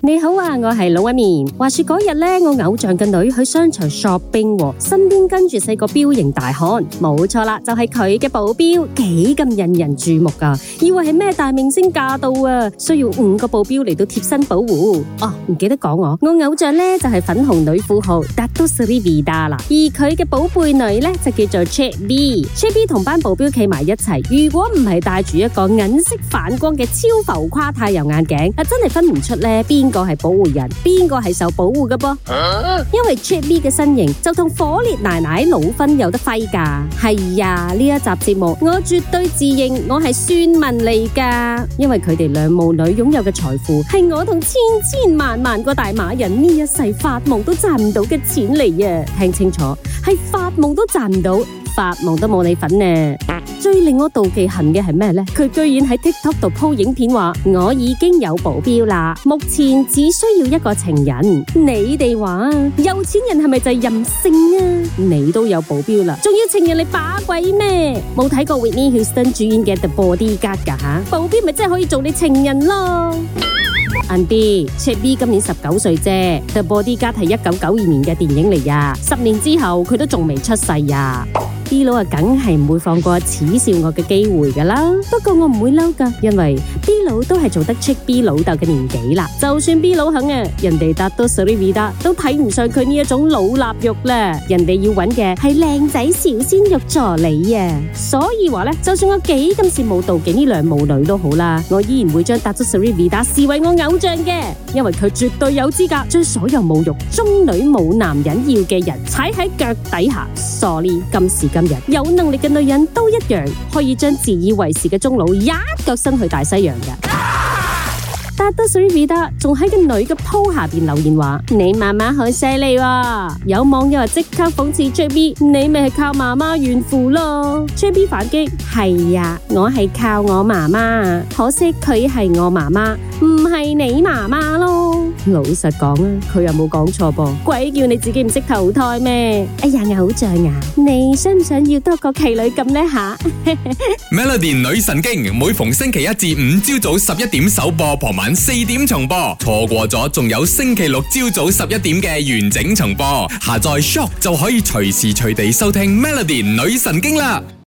你好啊，我係老威面。話說嗰日咧，我偶像嘅女兒去商場 shopping，、啊、身邊跟住四個彪形大漢，冇錯啦，就係佢嘅保鏢，幾咁引人注目噶、啊，以為係咩大明星駕到啊，需要五個保鏢嚟到貼身保護。哦、啊，唔記得講我，我偶像咧就係、是、粉紅女富豪 Dato Sri Vida 啦，而佢嘅寶貝女咧就叫做 Chabie，Chabie 同班保鏢企埋一齊，如果唔係戴住一個銀色反光嘅超浮誇太陽眼鏡，啊真係分唔出咧邊。邊個係保護人，邊個係受保護嘅啵？啊、因為 Jelly 嘅身形就同火烈奶奶老婚有得揮噶。係、哎、呀，呢一集節目我絕對自認我係酸民嚟噶。因為佢哋兩母女擁有嘅財富係我同千千萬萬個大馬人呢一世發夢都賺唔到嘅錢嚟啊！聽清楚，係發夢都賺唔到。發夢都冇你份呢。最令我妒忌恨嘅係咩呢？佢居然喺 TikTok 度鋪影片說，話我已經有保鏢啦，目前只需要一個情人。你哋話，有錢人係咪就係任性啊？你都有保鏢啦，仲要情人嚟把鬼咩？冇睇過 Whitney Houston 主演嘅《The Bodyguard》噶吓？保鏢咪真係可以做你情人咯？Andy，Chubby 今年十九歲啫，《The Bodyguard》係一九九二年嘅電影嚟呀、啊，十年之後佢都仲未出世呀、啊。B 佬啊，梗係唔會放過恥笑我嘅機會噶啦。不過我唔會嬲噶，因為 B 佬都係做得出 B 老豆嘅年紀啦。就算 B 佬肯啊，人哋 Dato Sri Vida 都睇唔上佢呢一種老臘肉啦。人哋要揾嘅係靚仔小鮮肉助理啊。所以話咧，就算我幾咁羨慕妒忌呢兩母女都好啦，我依然會將 Dato Sri Vida 視為我偶像嘅，因為佢絕對有資格將所有侮辱中女冇男人要嘅人踩喺腳底下。傻呢，今時今日有能力嘅女人都一樣，可以將自以為是嘅中佬一腳伸去大西洋噶。但得水 V 得仲喺個女嘅鋪下面留言話：你媽媽好犀利喎。有網友即刻諷刺 JB，你咪係靠媽媽炫富咯。JB 反擊：係啊，我係靠我媽媽，可惜佢係我媽媽，唔係你媽媽咯。老實講啊，佢又冇講錯噃，鬼叫你自己唔識投胎咩？哎呀，偶像啊，你想唔想要多個契女咁呢下 ？Melody 女神經每逢星期一至五朝早十一點首播，傍晚四點重播，錯過咗仲有星期六朝早十一點嘅完整重播，下載 shop 就可以隨時隨地收聽 Melody 女神經啦。